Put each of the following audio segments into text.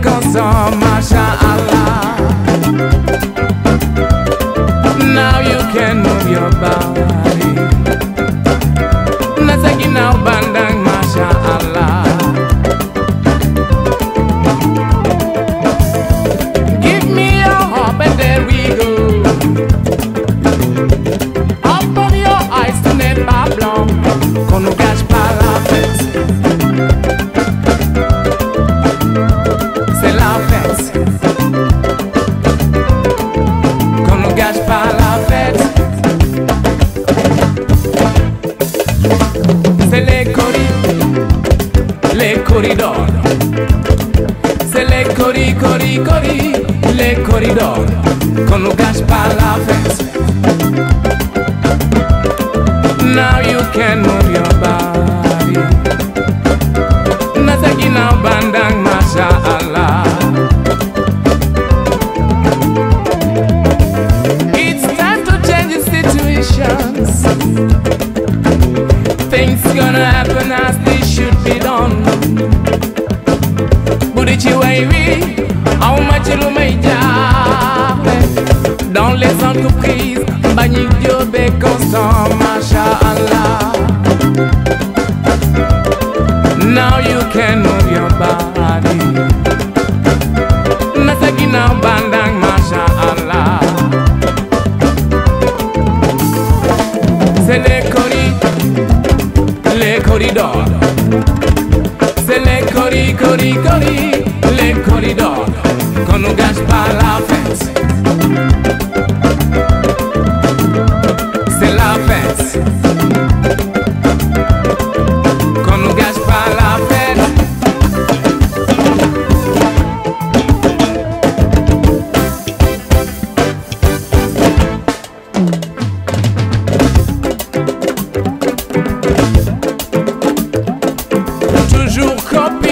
Koso, mashallah. Now you can move your bowels. cori cori le corridor con Lucas Palavens. Now you can move your body. now bandang masha Allah. It's time to change the ci lu may jaaxle dans les entreprises Mbagnick Diop et Constant macha allah now you can move your body na sa ginnaaw bandang macha allah c'est les cori les corridors c'est qu'on nous gâche pas la fête. C'est la fête. Qu'on nous gâche pas la fête. Toujours copie.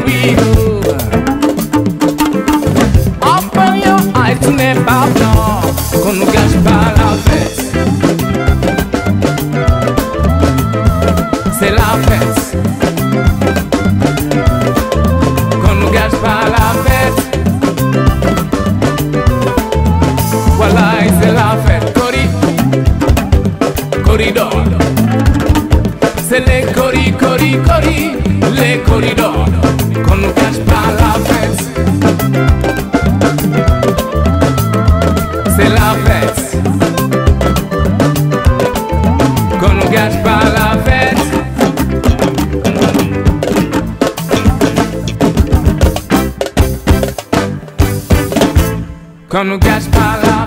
where we go. Open your eyes to Nepal now, con un gaspar la fête. C'est Con un gaspar la fête. Voilà, c'est la fête. Cori, corridor. C'est les cori, cori, cori, les Quando o gás parar